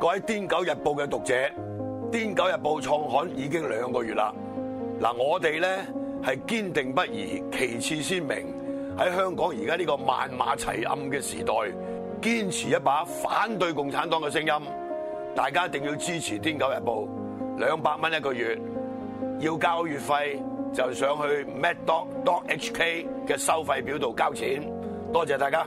各位《癲狗日報》嘅讀者，《癲狗日報》創刊已經兩個月啦。嗱，我哋咧係堅定不移、旗幟鮮明喺香港而家呢個萬馬齊喑嘅時代，堅持一把反對共產黨嘅聲音。大家一定要支持《癲狗日報》，兩百蚊一個月要交月費，就上去 maddog.hk 嘅收費表度交錢。多謝大家。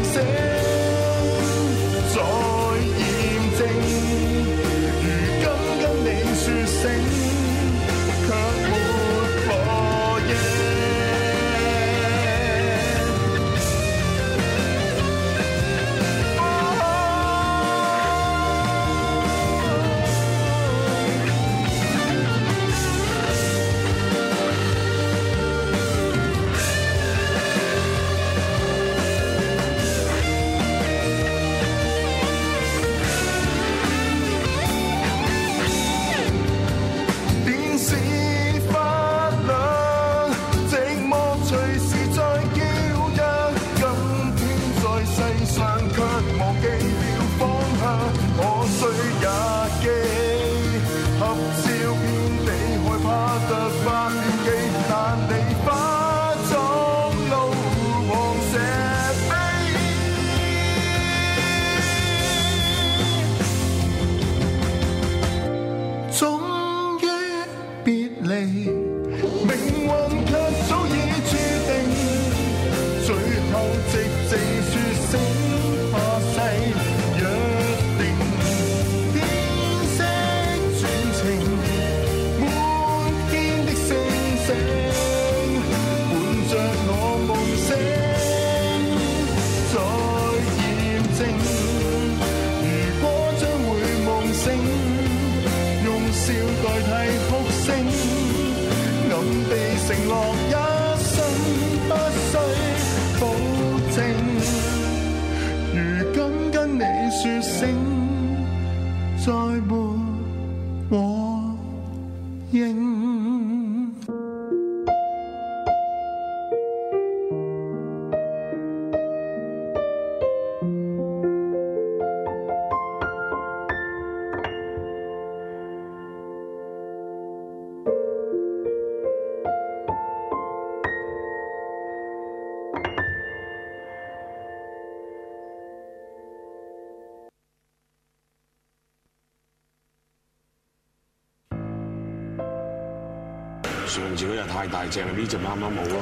如果又太大隻，呢隻啱啱好咯。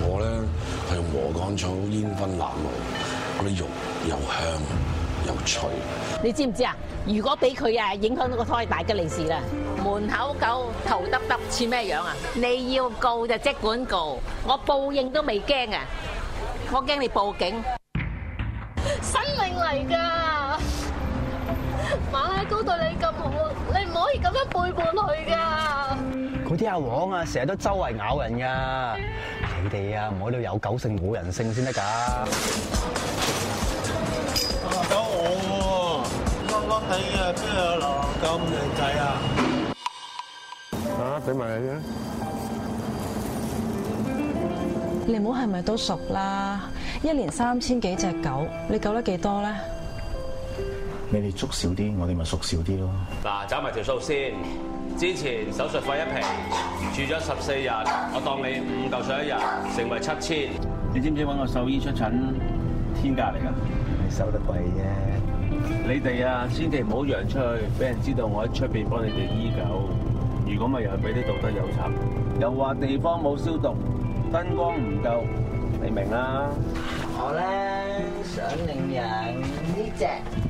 我咧係用禾乾草煙燻鴨肉，嗰啲肉又香又脆。你知唔知啊？如果俾佢啊影響到個胎，大吉利是啦。門口狗頭耷耷，似咩樣啊？你要告就即管告，我報應都未驚啊！我驚你報警，生命嚟㗎。馬拉糕對你咁好，你唔可以咁樣背叛佢噶。嗰啲阿黃啊，成日都周圍咬人噶。你哋啊，唔可以有狗性冇人性先得噶。有我喎，笠笠地啊，邊度有狼狗啦？咁靚仔啊！啊，俾埋你先。你唔好係咪都熟啦？一年三千幾隻狗，你救得幾多咧？你哋捉少啲，我哋咪縮少啲咯。嗱，走埋條數先。之前手術費一平，住咗十四日，我當你五嚿水一日，成為七千。你知唔知搵個獸醫出診天價嚟噶？收得貴啫。你哋啊，千祈唔好揚出去，俾人知道我喺出邊幫你哋醫狗。如果咪又係俾啲道德有賊，又話地方冇消毒，燈光唔夠，你明啦。我咧想領養呢隻。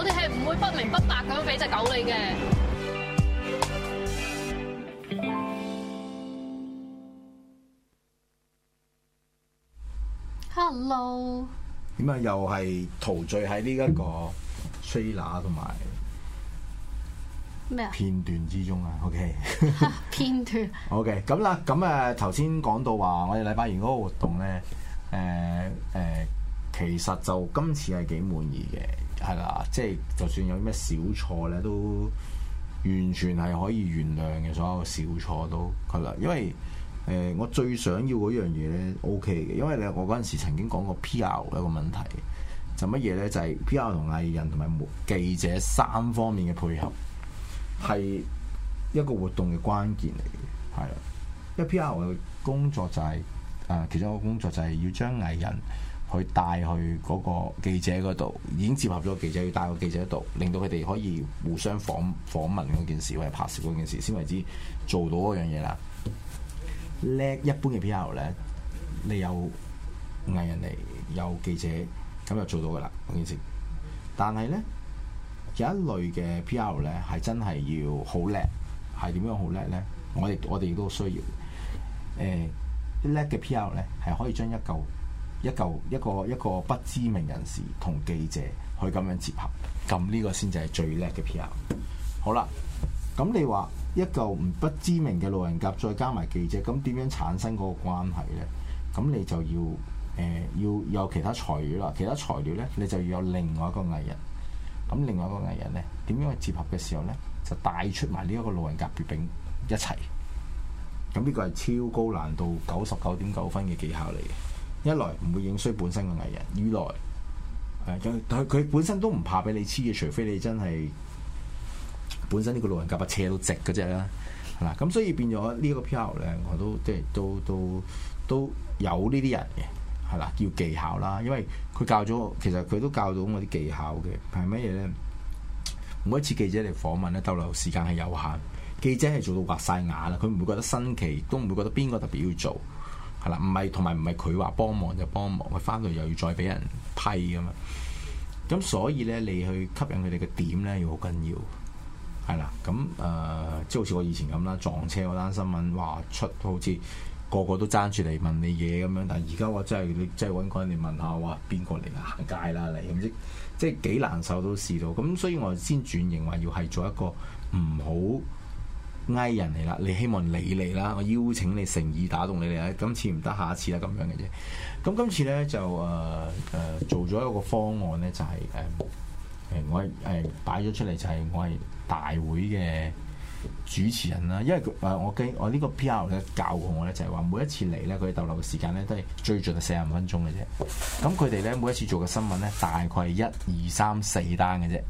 我哋係唔會不明不白咁樣俾隻狗你嘅。Hello。點啊？又係陶醉喺呢一個 trailer 同埋咩啊片段之中啊。OK, okay.。片段。OK，咁啦，咁啊，頭先講到話我哋禮拜完嗰個活動咧，誒、呃、誒、呃，其實就今次係幾滿意嘅。係啦、就是就是就是，即係就算有咩小錯咧，都完全係可以原諒嘅，所有小錯都係啦、嗯。因為誒、呃，我最想要嗰樣嘢咧，OK 嘅。因為你我嗰陣時曾經講過 PR 一個問題，就乜嘢咧？就係、是、PR 同藝人同埋記者三方面嘅配合，係一個活動嘅關鍵嚟嘅，係啦。因為 PR 嘅工作就係、是、啊，其中一個工作就係要將藝人。去帶去嗰個記者嗰度，已經接合咗個記者，要帶個記者嗰度，令到佢哋可以互相訪訪問嗰件事，或者拍攝嗰件事，先為之做到嗰樣嘢啦。叻 一般嘅 P.R. 咧，你有藝人嚟，有記者，咁就做到噶啦，嗰件事。但係咧，有一類嘅 P.R. 咧係真係要好叻，係點樣好叻咧？我哋我哋亦都需要誒叻嘅 P.R. 咧，係可以將一嚿。一嚿一個一個不知名人士同記者去咁樣接合，咁呢個先至係最叻嘅 PR。好啦，咁你話一嚿唔不知名嘅路人甲，再加埋記者，咁點樣產生嗰個關係呢？咁你就要誒、呃、要有其他材料啦。其他材料呢，你就要有另外一個藝人。咁另外一個藝人呢，點樣去接合嘅時候呢，就帶出埋呢一個路人甲別丙一齊。咁呢個係超高難度九十九點九分嘅技巧嚟嘅。一來唔會影衰本身嘅藝人，二來，誒、啊，佢佢本身都唔怕俾你黐嘅，除非你真係本身呢個老人家把車都直嗰隻啦，係嘛？咁所以變咗呢個 PR 咧，我都即係都都都，都，都有呢啲人嘅，係啦，叫技巧啦，因為佢教咗，其實佢都教到我啲技巧嘅，係咩嘢咧？每一次記者嚟訪問咧，逗留時間係有限，記者係做到白晒眼啦，佢唔會覺得新奇，都唔會覺得邊個特別要做。係啦，唔係同埋唔係佢話幫忙就幫忙，佢翻去又要再俾人批㗎嘛。咁所以呢，你去吸引佢哋嘅點呢，要好緊要。係啦，咁誒、呃，即係好似我以前咁啦，撞車嗰單新聞，哇，出好似個個都爭住嚟問你嘢咁樣。但係而家我真係你真係揾個人嚟問下，哇，邊個嚟行街啦，你唔知即係幾難受都試到。咁所以我先轉型，話要係做一個唔好。嗌人嚟啦，你希望你嚟啦，我邀請你誠意打動你嚟啦，今次唔得，下一次啦咁樣嘅啫。咁今次呢，就誒誒、呃呃、做咗一個方案呢，就係、是、誒、呃呃呃、我係誒擺咗出嚟，就係我係大會嘅主持人啦。因為、呃、我記我個 PR 呢個 P. R. 咧教過我呢就係、是、話每一次嚟呢，佢哋逗留嘅時間呢，都係最盡四十五分鐘嘅啫。咁佢哋呢，每一次做嘅新聞呢，大概係一二三四單嘅啫。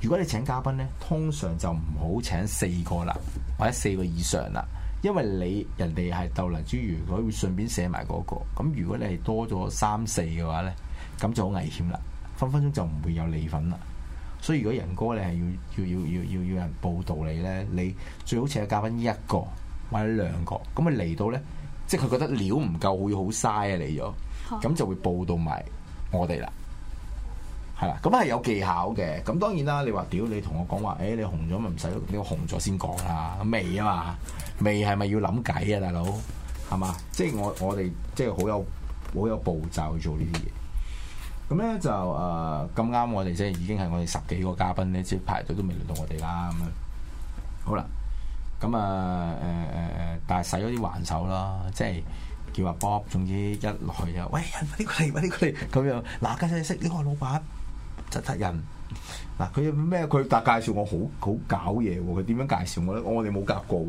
如果你請嘉賓呢，通常就唔好請四個啦，或者四個以上啦，因為你人哋係豆泥之餘，佢會順便寫埋、那、嗰個。咁如果你係多咗三四嘅話呢，咁就好危險啦，分分鐘就唔會有你份啦。所以如果仁哥你係要要要要要要人報道你呢，你最好請嘉賓一個或者兩個。咁咪嚟到呢，即係佢覺得料唔夠，會好嘥啊嚟咗，咁就會報道埋我哋啦。係啦，咁係有技巧嘅。咁當然啦，你話屌你同我講話，誒、欸、你紅咗咪唔使你紅咗先講啦，未啊嘛？未係咪要諗計啊，大佬係嘛？即係、就是、我我哋即係好有好有步驟去做呢啲嘢。咁咧就誒咁啱，呃、我哋即係已經係我哋十幾個嘉賓咧，即係排隊都未輪到我哋啦。咁樣好啦，咁啊誒誒誒，但係使咗啲還手啦，即係叫阿 Bob。總之一落去就喂，呢個嚟，呢個嚟，咁又嗱家細識呢個老，老闆。柒柒人嗱，佢咩？佢搭介紹我好好搞嘢喎。佢點樣介紹我咧？我哋冇夾過。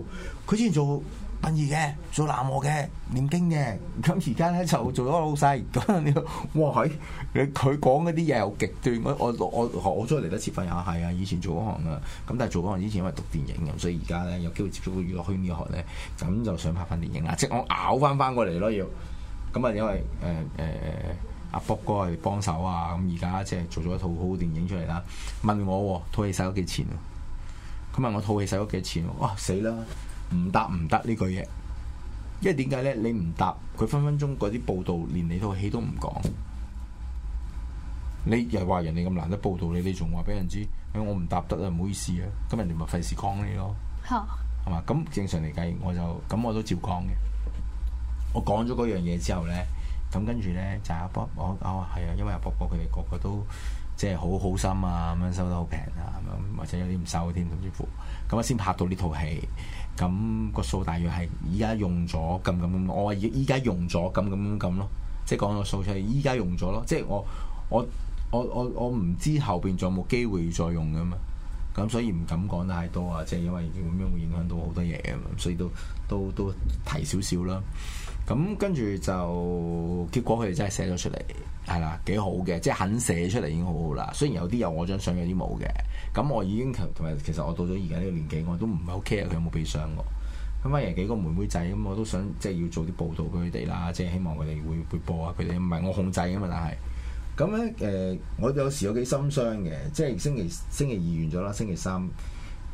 佢之前做殯儀嘅，做南無嘅，念經嘅。咁而家咧就做咗老細咁 哇！係你，佢講嗰啲嘢好極端。我我我我真係嚟得切翻。啊，係啊，以前做嗰行啊。咁但係做嗰行之前因為讀電影咁，所以而家咧有機會接觸到娛樂圈呢學咧，咁就想拍翻電影啊。即係我咬翻翻過嚟咯，要咁啊，因為誒誒、呃呃呃呃阿卜哥係幫手啊！咁而家即係做咗一套好好電影出嚟啦。問我，哦，套戲使咗幾錢啊？佢問我套戲使咗幾錢？哇！死啦！唔答唔得呢句嘢，因為點解咧？你唔答佢，分分鐘嗰啲報導連你套戲都唔講。你又話人哋咁難得報導你，你仲話俾人知？哎，我唔答得啊！唔好意思啊，咁人哋咪費事講你啲咯。嚇係嘛？咁正常嚟計，我就咁我都照講嘅。我講咗嗰樣嘢之後咧。咁跟住咧就阿波我講話係啊，oh, oh, yeah, 因為阿波波佢哋個個都即係好好心啊，咁樣收得好平啊，咁樣或者有啲唔收添，甚至乎咁啊，先拍到呢套戲。咁個數大約係依家用咗咁咁，咁。我話依依家用咗咁咁咁咯，即係講個數出嚟，依家用咗咯。即係我我我我我唔知後邊仲有冇機會再用嘅嘛。咁所以唔敢講太多啊，即係因為咁樣會影響到好多嘢咁嘛，所以都都都提少少啦。咁、嗯、跟住就結果佢哋真係寫咗出嚟，係啦，幾好嘅，即係肯寫出嚟已經好好啦。雖然有啲有我張相，有啲冇嘅。咁我已經同埋，其實我到咗而家呢個年紀，我都唔係好 care 佢有冇俾相我。咁反而幾個妹妹仔咁、嗯，我都想即係要做啲報道俾佢哋啦，即係希望佢哋會會播下。佢哋唔係我控制啊嘛，但係咁咧誒，我有時有幾心傷嘅，即係星期星期二完咗啦，星期三。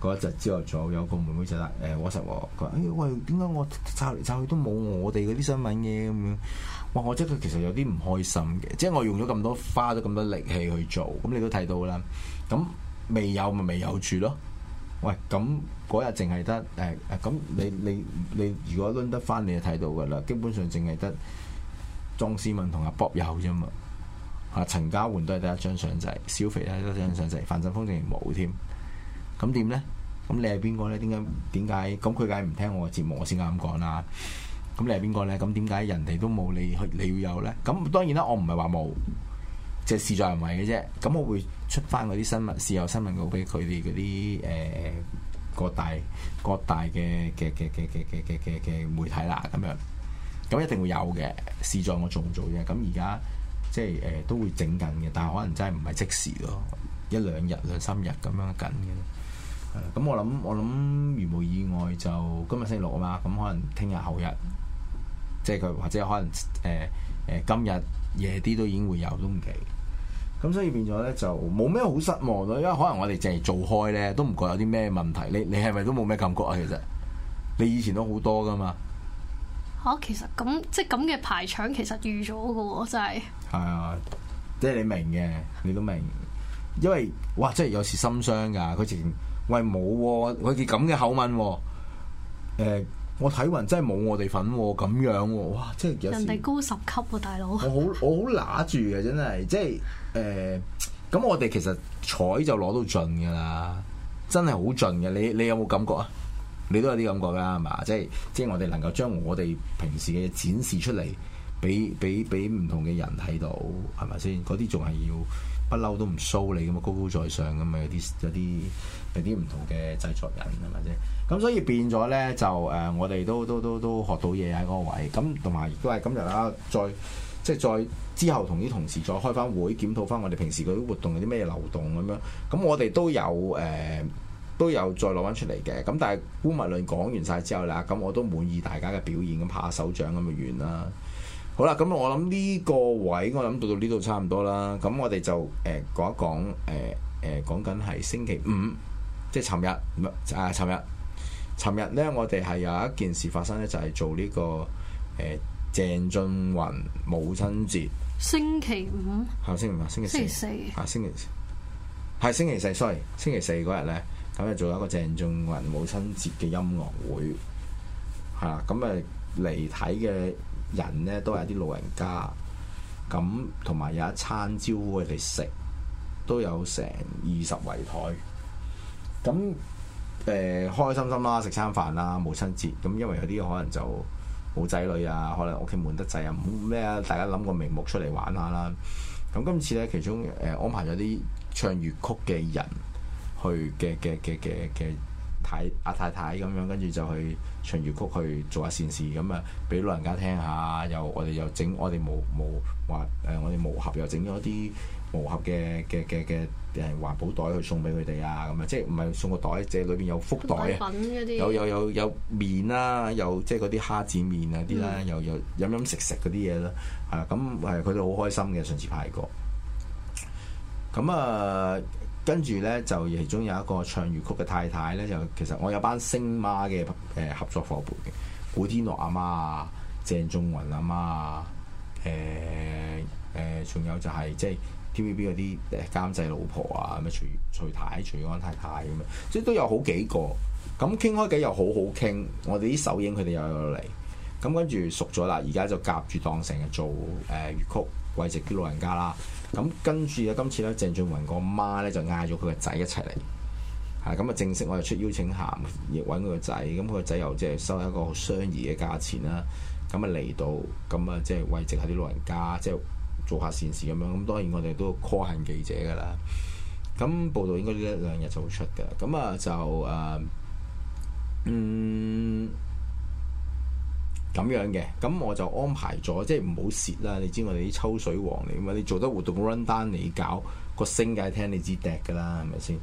嗰一集之後，仲有個妹妹仔啦。誒、欸，我實話，佢話、欸：喂，點解我刷嚟刷去都冇我哋嗰啲新聞嘅咁樣？哇！我覺得佢其實有啲唔開心嘅，即係我用咗咁多，花咗咁多力氣去做。咁你都睇到啦。咁未有咪未有住咯？喂，咁嗰日淨係得誒，咁、欸、你你你，你如果攆得翻，你就睇到噶啦。基本上淨係得莊思敏同阿博友啫嘛。啊，陳嘉桓都係第一張相仔，小肥都係第一張相仔，嗯、范振峰仲係冇添。咁點呢？咁你係邊個咧？點解點解咁佢梗係唔聽我嘅節目？我先咁講啦。咁你係邊個咧？咁點解人哋都冇你去，你要有咧？咁當然啦，我唔係話冇，即係事在人為嘅啫。咁我會出翻嗰啲新聞、事後新聞稿俾佢哋嗰啲誒各大各大嘅嘅嘅嘅嘅嘅嘅嘅媒體啦。咁樣咁一定會有嘅，事在我做唔做啫。咁而家即係誒、呃、都會整緊嘅，但係可能真係唔係即時咯，一兩日兩三日咁樣緊嘅。咁我諗，我諗如無意外就今日星期六啊嘛。咁可能聽日後日，即係佢或者可能誒誒、呃，今日夜啲都已經會有都唔奇。咁所以變咗咧，就冇咩好失望咯。因為可能我哋淨係做開咧，都唔覺有啲咩問題。你你係咪都冇咩感覺啊？其實你以前都好多噶嘛吓、哦。其實咁即係咁嘅排場，其實預咗噶，真係係啊。即係你明嘅，你都明，因為哇，即係有時心傷噶。佢前。喂，冇喎、哦，佢哋咁嘅口吻、哦，誒、欸，我睇完真係冇我哋份喎，咁樣喎、哦，哇，即係人哋高十級喎、哦，大佬。 我好，我好乸住嘅，真係，即係誒，咁我哋其實彩就攞到盡噶啦，真係好盡嘅，你你有冇感覺啊？你都有啲感覺㗎，係嘛？即係即係我哋能夠將我哋平時嘅展示出嚟，俾俾俾唔同嘅人睇到，係咪先？嗰啲仲係要。不嬲都唔 show 你咁嘛，高高在上咁嘛，有啲有啲有啲唔同嘅製作人係咪啫？咁所以變咗呢，就誒、呃，我哋都都都都學到嘢喺嗰個位。咁同埋亦都係今日啦，再即係、就是、再，再之後同啲同事再開翻會檢討翻我哋平時嗰啲活動有啲咩漏洞咁樣。咁我哋都有誒、呃、都有再攞翻出嚟嘅。咁但係烏物論講完晒之後啦，咁我都滿意大家嘅表現咁拍下手掌咁就完啦！好啦，咁我諗呢個位，我諗到到呢度差唔多啦。咁我哋就誒講、呃、一講，誒誒講緊係星期五，即係尋日，啊，尋日尋日咧，我哋係有一件事發生咧，就係、是、做呢、這個誒、呃、鄭俊雲母親節星期五，係星期五啊？星期四啊？星期四係星期四，sorry，星期四嗰日咧，咁就做一個鄭俊雲母親節嘅音樂會，係啦。咁誒嚟睇嘅。人呢都係啲老人家，咁同埋有一餐招呼佢哋食，都有成二十圍枱。咁誒開開心心啦，食餐飯啦，母親節。咁因為有啲可能就冇仔女啊，可能屋企悶得滯啊，咩啊，大家諗個名目出嚟玩下啦。咁今次呢，其中誒、呃、安排咗啲唱粵曲嘅人去嘅嘅嘅嘅嘅。睇阿太，、啊、太太咁樣，跟住就去唱粵曲去做下善事咁啊，俾、嗯、老人家聽下。又我哋又整我哋無無話誒，我哋無盒又整咗啲無盒嘅嘅嘅嘅誒環保袋去送俾佢哋啊。咁、嗯、啊，即係唔係送個袋，即係裏邊有福袋有有有有啊。有有有有麵啦，又即係嗰啲蝦子麵啊啲啦，又又、嗯、飲飲食食嗰啲嘢啦。係啊，咁係佢哋好開心嘅上次派過。咁、嗯、啊～、嗯嗯跟住呢，就其中有一個唱粵曲嘅太太呢，就其實我有班星媽嘅合作伙伴嘅，古天樂阿媽啊媽、鄭中雲阿媽啊媽、誒、呃、仲、呃、有就係、是、即係 TVB 嗰啲監製老婆啊，咩徐徐太、徐安太太咁樣，即係都有好幾個。咁傾開偈又好好傾，我哋啲首映佢哋又有嚟，咁跟住熟咗啦，而家就夾住當成日做誒粵、呃、曲慰藉啲老人家啦。咁跟住咧，今次咧，鄭俊弘個媽咧就嗌咗佢個仔一齊嚟，係咁啊正式我就出邀請函，亦揾佢個仔，咁佢個仔又即係收一個相宜嘅價錢啦，咁啊嚟到，咁啊即係慰藉下啲老人家，即係做下善事咁樣，咁當然我哋都 call 勳記者噶啦，咁報道應該呢一兩日就會出嘅，咁啊就誒、呃，嗯。咁樣嘅，咁我就安排咗，即係唔好蝕啦。你知我哋啲抽水王嚟啊嘛，你做得活動 run down，你搞個聲界聽你，你支笛噶啦，係咪先？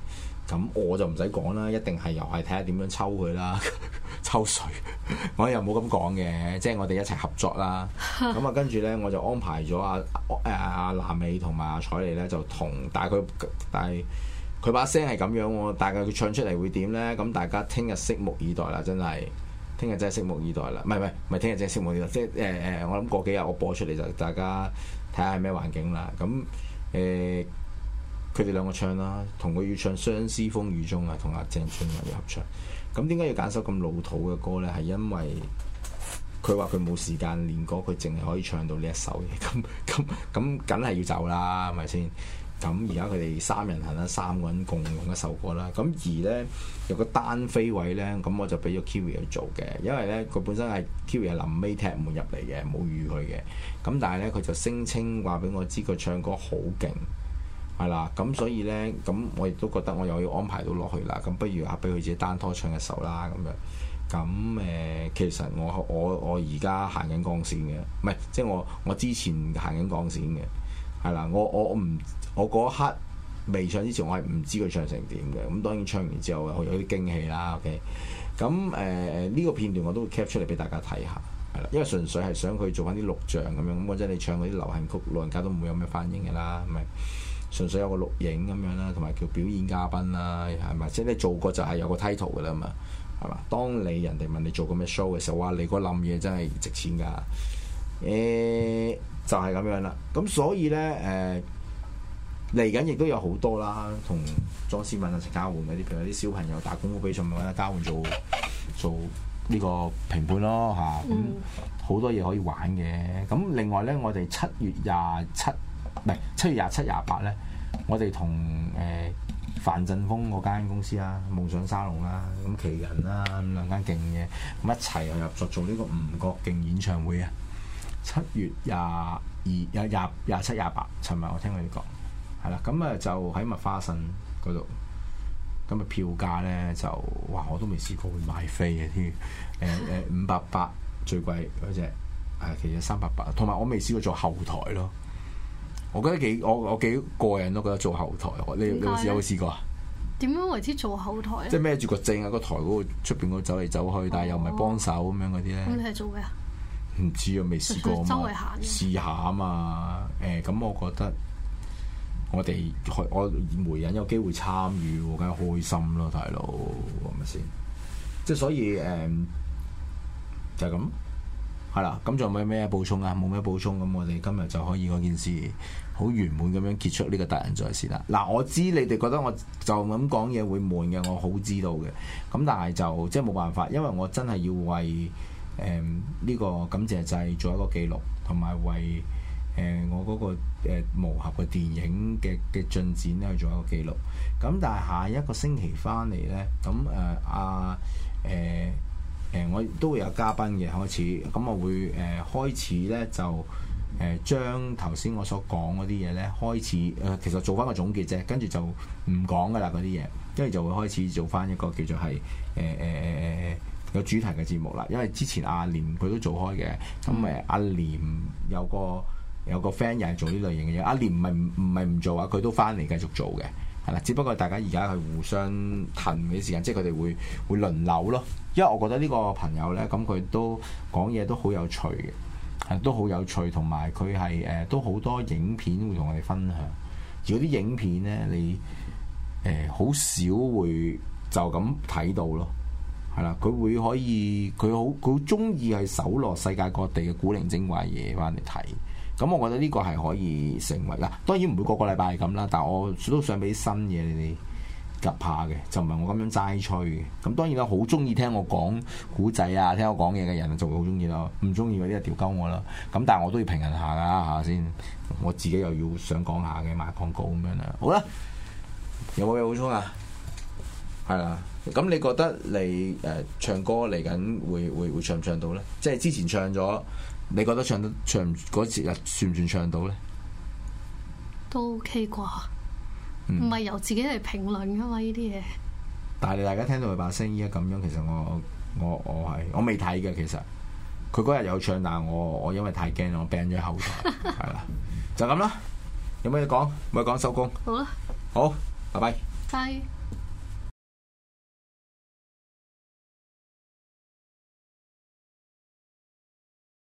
咁我就唔使講啦，一定係又係睇下點樣抽佢啦， 抽水。 我又冇咁講嘅，即係我哋一齊合作啦。咁啊，跟住呢，我就安排咗阿誒阿南美同埋阿彩莉呢，就同，但係佢但係佢把聲係咁樣喎，但佢唱出嚟會點呢？咁大家聽日拭目以待啦，真係。聽日真係拭目以待啦，唔係唔係，唔係聽日真係拭目以待，即係誒誒，我諗過幾日我播出嚟就大家睇下係咩環境啦。咁誒，佢哋兩個唱啦，同佢要唱《相思風雨中》啊，同阿鄭俊文要合唱。咁點解要揀首咁老土嘅歌呢？係因為佢話佢冇時間練歌，佢淨係可以唱到呢一首嘅。咁咁咁，梗係要走啦，係咪先？咁而家佢哋三人行啦，三個人共用一首歌啦。咁而呢，有個單飛位呢，咁我就俾咗 Kiri 去做嘅，因為呢，佢本身係 Kiri 臨尾踢門入嚟嘅，冇預佢嘅。咁但係呢，佢就聲稱話俾我知佢唱歌好勁，係啦。咁所以呢，咁我亦都覺得我又要安排到落去啦。咁不如啊，俾佢自己單拖唱一首啦，咁樣。咁、啊、誒，其實我我我而家行緊鋼線嘅，唔係，即係我我之前行緊鋼線嘅。係啦，我我我唔，我嗰一刻未唱之前，我係唔知佢唱成點嘅。咁當然唱完之後，有啲驚喜啦。OK，咁誒呢個片段我都會 cap 出嚟俾大家睇下。係啦，因為純粹係想佢做翻啲錄像咁樣。咁或者你唱嗰啲流行曲，老人家都唔會有咩反應㗎啦，咪純粹有個錄影咁樣啦，同埋叫表演嘉賓啦，係咪？即係你做過就係有個 title 㗎啦嘛，係嘛？當你人哋問你做過咩 show 嘅時候，話你嗰冧嘢真係值錢㗎。誒、eh, 就係咁樣啦，咁所以呢，誒嚟緊亦都有好多啦，同莊思敏啊交換嗰啲譬如啲小朋友打功夫比賽咪揾佢交換做做呢個評判咯吓，咁好、嗯嗯、多嘢可以玩嘅。咁另外呢，我哋七月廿七唔係七月廿七廿八呢，我哋同誒范振鋒嗰間公司啦，夢想沙龍啊，咁奇人啦，咁兩間勁嘢，咁一齊又入咗做呢個吳國敬演唱會啊！七月廿二有廿廿七廿八，尋日我聽佢哋講，係啦，咁啊就喺麥花臣嗰度，咁啊票價咧就哇我都未試過去買飛嘅添，誒誒五百八最貴嗰隻，誒其實三百八，同埋我未試過做後台咯，我覺得幾我我幾個人都覺得做後台，你何你有冇試過啊？點樣為之做後台？即係孭住個證喺個台嗰，那個出邊個走嚟走去，但係又唔係幫手咁，哦、樣嗰啲咧。咁你係做咩啊？唔知啊，未試過嘛？啊、試下啊嘛，誒、欸、咁我覺得我哋我媒仁有機會參與，梗係開心啦、啊，大佬係咪先？即係所以誒，就係咁係啦。咁、嗯、仲、就是、有冇咩補充啊？冇咩補充咁，我哋今日就可以嗰件事好圓滿咁樣結束呢個達仁在線啦。嗱，我知你哋覺得我就咁講嘢會悶嘅，我好知道嘅。咁但係就即係冇辦法，因為我真係要為，誒呢、嗯這個感謝祭做一個記錄，同埋為誒、呃、我嗰、那個誒磨、呃、合嘅電影嘅嘅進展咧，去做一個記錄。咁、嗯、但係下一個星期翻嚟呢，咁誒阿誒誒，我都會有嘉賓嘅開始。咁、嗯、我會誒、呃、開始呢，就、呃、誒將頭先我所講嗰啲嘢呢開始誒、呃、其實做翻個總結啫，跟住就唔講噶啦嗰啲嘢，跟住就會開始做翻一個叫做係誒誒誒誒。有主題嘅節目啦，因為之前阿廉佢都做開嘅，咁誒、嗯、阿廉有個有個 friend 又係做呢類型嘅嘢，阿廉唔係唔唔係唔做啊，佢都翻嚟繼續做嘅，係啦，只不過大家而家係互相騰嘅時間，即係佢哋會會輪流咯。因為我覺得呢個朋友呢，咁佢都講嘢都好有趣嘅、啊，都好有趣，同埋佢係誒都好多影片會同我哋分享。如果啲影片呢，你誒好、呃、少會就咁睇到咯。係啦，佢會可以，佢好佢中意係蒐羅世界各地嘅古靈精怪嘢翻嚟睇，咁我覺得呢個係可以成為啦。當然唔會個個禮拜係咁啦，但係我都想俾啲新嘢你哋及下嘅，就唔係我咁樣齋吹嘅。咁當然啦，好中意聽我講古仔啊，聽我講嘢嘅人就會好中意咯，唔中意嗰啲就調鳩我啦。咁但係我都要平衡下噶，係咪先？我自己又要想講下嘅買廣告咁樣咧。好啦，有冇嘢補充啊？係啦。咁你覺得你誒唱歌嚟緊會會會唱唔唱到咧？即係之前唱咗，你覺得唱得唱嗰時、那個、算唔算唱到咧？都 OK 啩，唔係、嗯、由自己嚟評論噶嘛呢啲嘢。但係你大家聽到佢把聲依家咁樣，其實我我我係我未睇嘅其實。佢嗰日有唱，但係我我因為太驚，我病咗喺後台啦， 就咁啦。有咩嘢講？咪講收工。好啦吧，好，拜拜。bye